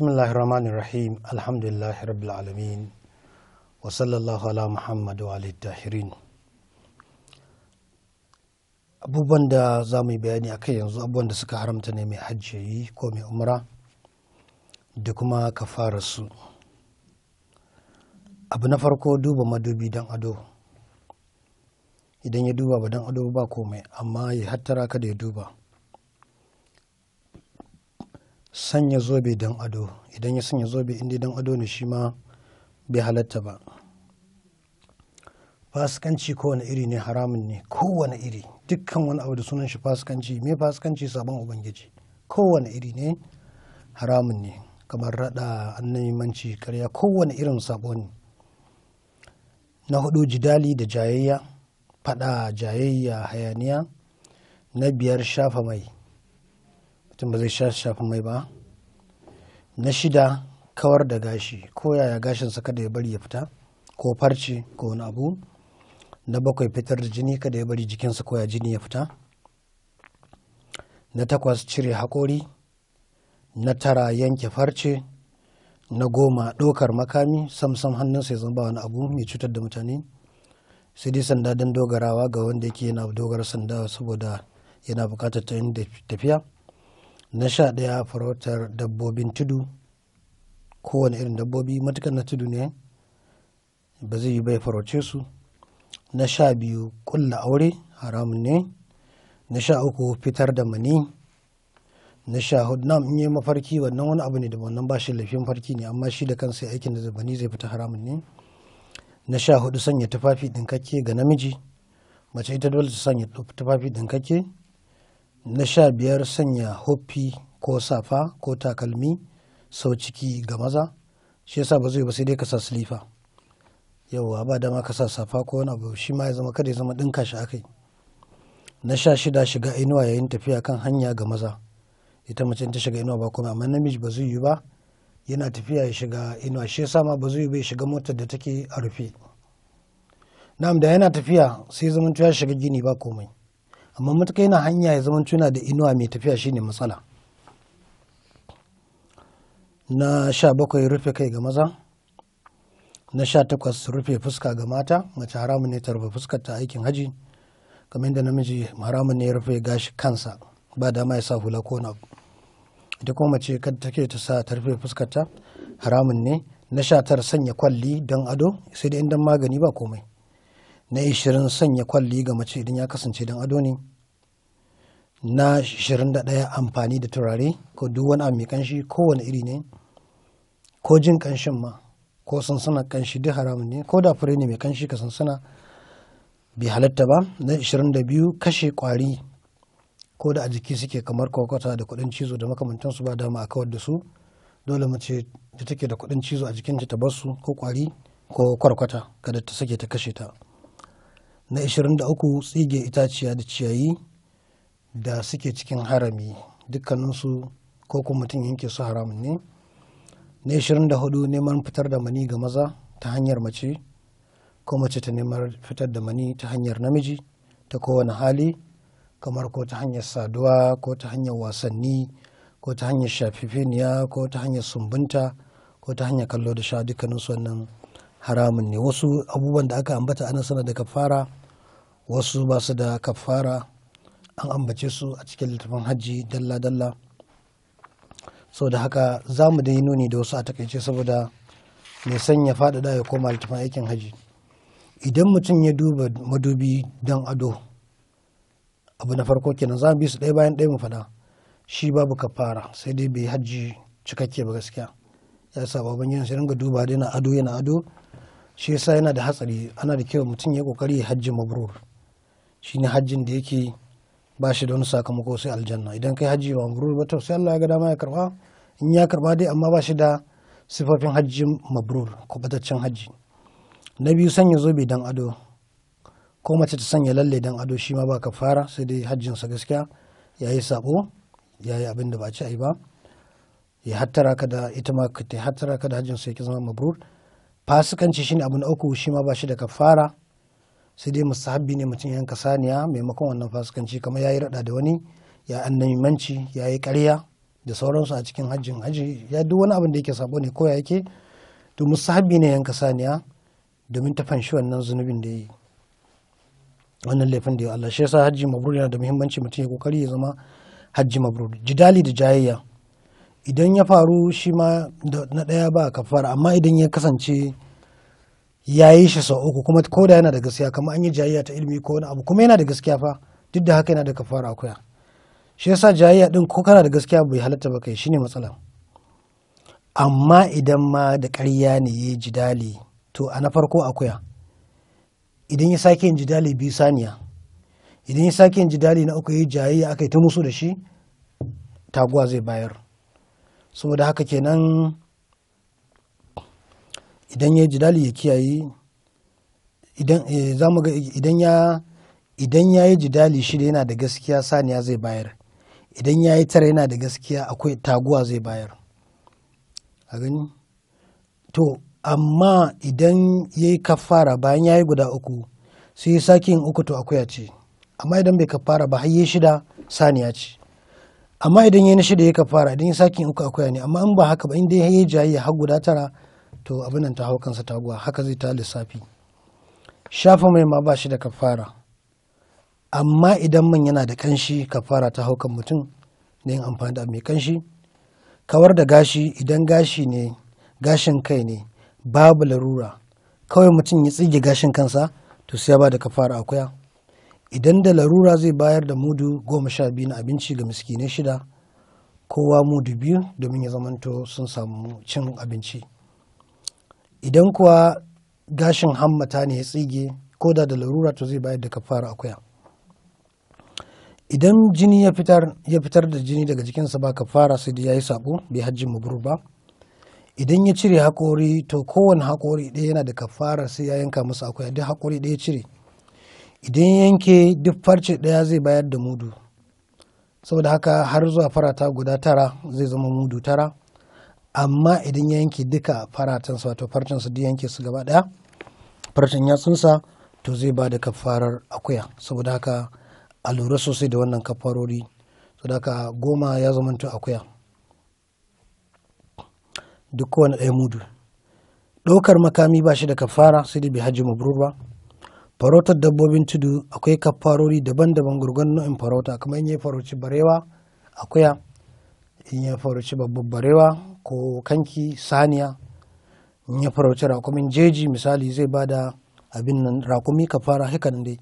bismillahir rahmanir rahim alhamdulillahi rabbil alamin wa sallallahu ala muhammad wa alihi tahirin abubuwan da za mu yi bayani a kai yanzu abubuwan da suka haramta ne mai hajji yi ko mai umra da kuma kafara su abu na farko duba madubi don ado idan ya duba ba don ado ba komai amma ya hattara kada ya duba sanya zobe don ado idan ya sanya zobe inda don ado ne shi ma bai halatta ba fasikanci kowane iri ne haramun ne kowane iri dukkan wani abu da sunan shi fasikanci mai fasikanci sabon ubangiji kowane iri ne haramun ne kamar rada manci karya kowane irin sabo ne na hudu jidali da jayayya fada jayayya hayaniya na biyar shafa mai tun ba zai shafi mai ba na shida kawar da gashi ko yaya gashin gashinsa kada ya bari ya fita ko farce ko wani abu na bakwai fitar da jini kada ya bari jikinsa ko ya jini ya fita na takwas cire haƙori na tara yanke farce na goma ɗaukar makami samsam hannunsa ya zama ba wani abu mai cutar da mutane sai dai sanda don dogarawa ga wanda yake yana dogara sanda saboda yana buƙatar ta yin tafiya na sha ɗaya farautar dabbobin tudu kowane irin dabbobi matukan na tudu ne ba zai yi bai farauce su na sha biyu kulla aure haramun ne na sha uku fitar da mani na sha hudu na yi mafarki wannan wani abu ne da wannan ba shi laifin farki ne amma shi da kansa aikin da zabani zai fita haramun ne na sha hudu sanya tufafi ɗinkakke ga namiji mace ita dole ta sanya tufafi ɗinkakke na sha biyar sanya hoppi ko safa ko takalmi sau ciki ga maza shi yasa ba zai ba sai dai ka sa silifa yauwa ba dama ka sa safa ko wani abu shi ma ya zama kada ya zama ɗinka shi akai na sha shida shiga inuwa yayin tafiya kan hanya ga maza ita mace ta shiga inuwa ba kuma amma namiji ba zai yi ba yana tafiya ya shiga inuwa shi yasa ma ba zai yi ba ya shiga motar da take a rufe na'am da yana tafiya sai zaman ya shiga gini ba komai amma matuƙa yana hanya ya zaman tuna da inuwa mai tafiya shine matsala na sha bakwai rufe kai ga maza na sha takwas rufe fuska ga mata mace haramun ne ta rufe fuskar ta aikin haji kamar da namiji haramun ne ya rufe gashi kansa ba dama ya sa hula ko na ita kuma mace kad take ta sa ta rufe fuskar ta haramun ne na sha tara sanya kwalli don ado sai dai in magani ba komai na 20 sanya kwalli ga mace idan ya kasance don ado ne na 21 amfani da turare ko duk wani abu mai kanshi kowane iri ne ko jin kanshin ma ko sansana kanshi duk haramun ne ko da fure ne mai kanshi ka sansana bai halatta ba na 22 kashe kwari ko da a jiki suke kamar kwakwata da kudin cizo da makamantansu ba dama a kawar da su dole mace da take da kudin cizo a jikinta ta bar su ko kwari ko kwarkwata kada ta sake ta kashe ta na 23 tsige itaciya da ciyayi da suke cikin harami dukkaninsu ko kuma mutum yanke su haramun ne na 24 neman fitar da mani ga maza ta hanyar mace ko mace ta neman fitar da mani ta hanyar namiji ta kowane hali kamar ko ta hanyar saduwa ko ta hanyar wasanni ko ta hanyar shafifiniya ko ta hanyar sumbunta ko ta hanyar kallo da sha dukkaninsu wannan haramun ne wasu abubuwan da aka ambata ana sana daga fara. wasu ba su da kafara an ambace su a cikin littafin hajji dalla-dalla da haka za mu dai nuni da wasu a takaice saboda mai sanya faɗaɗa ya koma littafin aikin hajji idan mutum ya duba madubi don ado abu na farko kenan za mu bi su ɗaya bayan ɗaya mu faɗa shi babu kafara sai dai bai hajji cikakke ba gaskiya ya sa baban yin sai ringa duba dai na ado yana ado shi yasa yana da hatsari ana da kyau mutum ya kokari ya hajji mabrur shine hajjin da yake ba shi da wani sakamako sai aljanna idan kai hajji ba mabrur ba to sai Allah ya ga dama ya karba in ya karba dai amma ba shi da sifafin hajji mabrur kubataccen hajji na biyu sanya zobe dan ado ko mace ta sanya lalle dan ado shi ma ba kafara sai dai hajjin sa gaskiya yayi sabo yayi abin da ba ci ai ba ya hattara ka da ita ma ka hattara ka da hajjin sa yake zama mabrur fasikanci shi shine abu na uku shi ma ba shi da kafara sai dai musahabi ne mutum yanka saniya maimakon wannan fasikanci kamar yi rada da wani ya annabimanci ya yi ƙarya da sauransu a cikin hajjin hajji ya duk wani abin da yake sabo ne ko ya yake to musahabi ne yanka saniya domin ta fanshi wannan zunubin da yi wannan laifin da ya Allah shi yasa hajji mabrur yana da muhimmanci mutum ya kokari ya zama hajji mabrur jidali da jayayya idan ya faru shi ma na ɗaya ba kafara amma idan ya kasance ya yi shi sau uku kuma ko da yana da gaskiya kama an yi jayayya ta ilimi ko wani abu kuma yana da gaskiya fa duk da haka yana da kafara akuya shi yasa jayayya din ko kana da gaskiya bai halatta ba kai shine matsala amma idan ma da ƙarya ne ya jidali to a na farko akuya idan ya sake yin jidali biyu saniya idan ya sake yin jidali na uku ya jayayya aka yi ta musu da shi taguwa zai bayar saboda haka kenan idan ya jidali ya kiyaye idan eh, za mu ga idan ya idan ya yi jidali shida yana da gaskiya saniya zai bayar idan ya yi tara yana da gaskiya akwai taguwa zai bayar a gani to amma idan ya yi kafara bayan ya yi guda uku sai ya sake uku to akuya ce amma idan bai kafara ba har yi shida saniya ce amma idan ya na shida ya kafara idan ya sakin uku akuya ne amma in ba haka ba in dai ya yi jayayya har guda tara to abin nan ta hau kansa taguwa haka zai ta lissafi shafa mai ma ba shi da kafara amma idan man yana da kanshi kafara ta haukan mutum na yin amfani da mai kanshi kawar da gashi idan gashi ne gashin kai ne babu larura kawai mutum ya tsige gashin kansa to sai ya ba da kafara akuya idan da larura zai bayar da mudu goma sha biyu na abinci ga miskinai shida kowa mudu biyu domin ya zamanto sun samu cin abinci idan kuwa gashin hammata ne ya tsige ko da da larura to zai bayar da kafara akuya idan jini ya fitar ya fitar da jini daga jikinsa ba kafara sai da ya yi sabo bai hajji mabrur ba idan ya cire haƙori to kowane haƙori ɗaya yana da kafara sai ya yanka masa akuya duk haƙori ɗaya cire idan yanke duk farce ɗaya zai bayar da mudu saboda haka har zuwa farata guda tara zai zama mudu tara amma idan ya yanke duka faratansa wato su duk yanke su gaba daya farcen yatsunsa to zai ba da kafarar akuya saboda haka a lura sosai da wannan kafarori saboda haka goma ya zamanto akuya duk kowane ɗaya mudu ɗaukar makami ba shi da kafara sai da bai hajji mabrur ba farautar dabbobin tudu akwai kafarori daban-daban gurgun nau'in farauta kamar in yi farauci barewa akuya in ya farauci babban barewa ko kanki saniya in ya farauci rakumin jeji misali zai ba da abin nan rakumi ka fara nan dai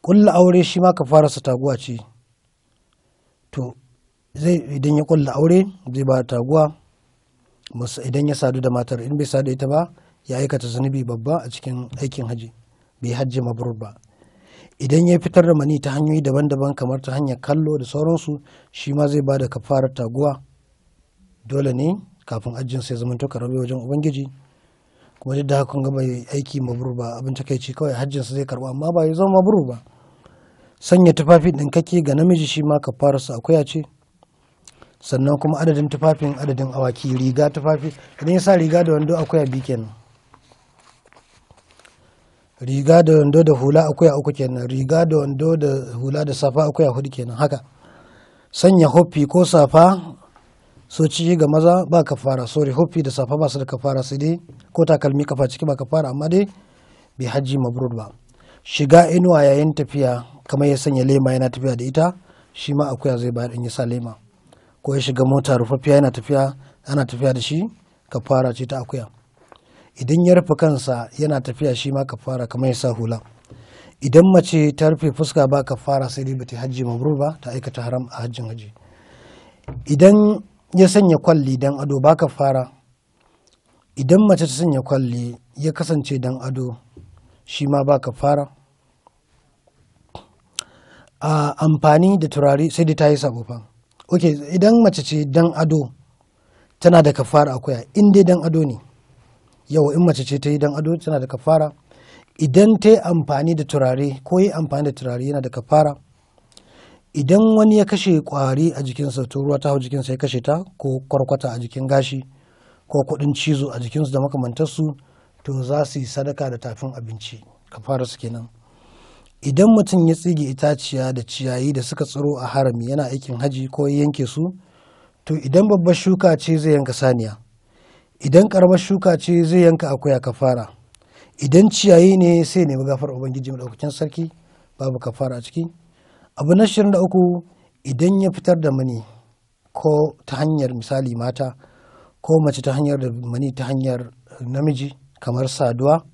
kulla aure shi ma ka fara taguwa ce to zai idan ya kulla aure zai ba taguwa idan ya sadu da matar in bai sadu ita ba ya aikata zunubi babba a cikin aikin haji bai hajji mabrur ba idan ya fitar da mani ta hanyoyi daban-daban kamar ta hanyar kallo da sauransu shi ma zai ba da kafarar taguwa dole ne kafin ajin sai zama to karabe wajen ubangiji kuma duk da hakan ga mai aiki mabrur ba abin takaici kawai hajjin sa zai karba amma ba ya zama mabrur ba sanya tufafi din kake ga namiji shi ma kafararsa akuya ce sannan kuma adadin tufafin adadin awaki riga tufafi idan ya sa riga da wando akuya bi kenan riga da wando da hula akwai a uku kenan riga da wando da hula da safa akwai hudu kenan haka sanya hoppi ko safa so ci ga maza ba kafara sorry hoppi da safa ba su da kafara sai dai ko takalmi kafa ciki ba fara amma dai bai hajji mabrur ba shiga inuwa yayin tafiya kamar ya sanya lema yana tafiya da ita shi ma akuya zai bayar in ya sa lema ko ya shiga mota rufaffiya yana tafiya ana tafiya da shi kafara ce ta akuya idan ya rufe kansa yana tafiya shi ma fara kamar ya sa hula idan mace ta rufe fuska ba fara sai dai bata hajji mabrur ba ta aikata haram a hajjin haji idan ya sanya kwalli dan ado ba ka fara idan mace ta sanya kwalli ya kasance dan ado shi ma ba fara a amfani da turare sai dai ta yi sabo fa ok idan mace ce dan ado tana da kafara akuya in dai dan ado ne yau in mace ce ta yi dan ado tana da kafara idan ta yi amfani da turare ko yi amfani da turare yana da kafara idan wani ya kashe kwari a jikinsa to ruwa ta hau jikinsa ya kashe ta ko kwarkwata a jikin gashi ko kudin cizo a jikinsu da makamantarsu to za su yi sadaka da tafin abinci kafara su kenan idan mutum ya tsige itaciya da ciyayi da suka tsiro a harami yana aikin haji ko ya yanke su to idan babbar shuka ce zai yanka saniya idan karamar shuka ce zai yanka akuya fara idan ciyayi ne sai nemi gafar ubangiji madaukakin sarki babu kafara a ciki abu na shirin da uku idan ya fitar da mani ko ta hanyar misali mata ko mace ta hanyar da mani ta hanyar namiji kamar saduwa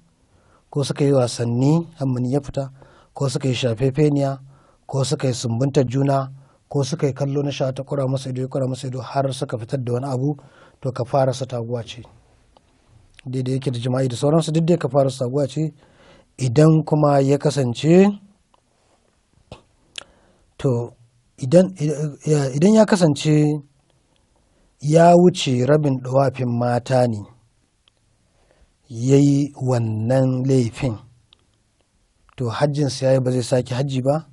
ko suka yi wasanni mani ya fita ko suka yi shafefeniya ko suka yi sumbuntar juna ko suka yi kallo na sha ta kura masa ido ya kura masa ido har suka fitar da wani abu to ka fara sa taguwa ce daidai yake da jima'i da sauransu duk da ka fara sa taguwa ce idan kuma ya kasance to idan ya kasance ya wuce rabin ɗawafin mata ne ya yi wannan laifin to hajjinsa ya yi ba zai sake hajji ba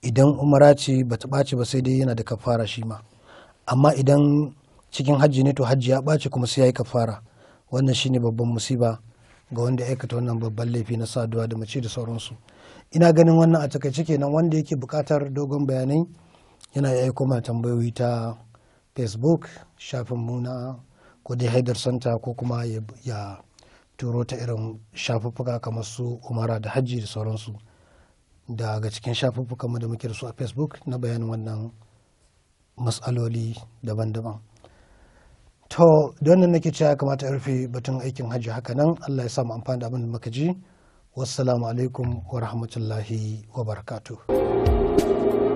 idan umara ce ba ta ɓaci ba sai dai yana da kafara shi ma amma idan cikin hajji ne to hajji ya ɓace kuma sai ya yi kafara wannan shine babban musiba ga wanda ya aikata wannan babban laifi na saduwa da mace da sauransu ina ganin wannan a takaice kenan wanda yake buƙatar dogon bayanai yana ya aiko mana tambayoyi ta facebook shafin muna ko dai haidar santa ko kuma ya turo ta irin shafuffuka kamar su umara da hajji da sauransu daga cikin shafuffukan mu da muke da su a facebook na bayanin wannan matsaloli daban-daban to don nan nake cewa kamata a rufe batun aikin hajji haka nan allah ya samu amfani da abin da muka ji wassalamu alaikum wa rahmatullahi wa barakatuh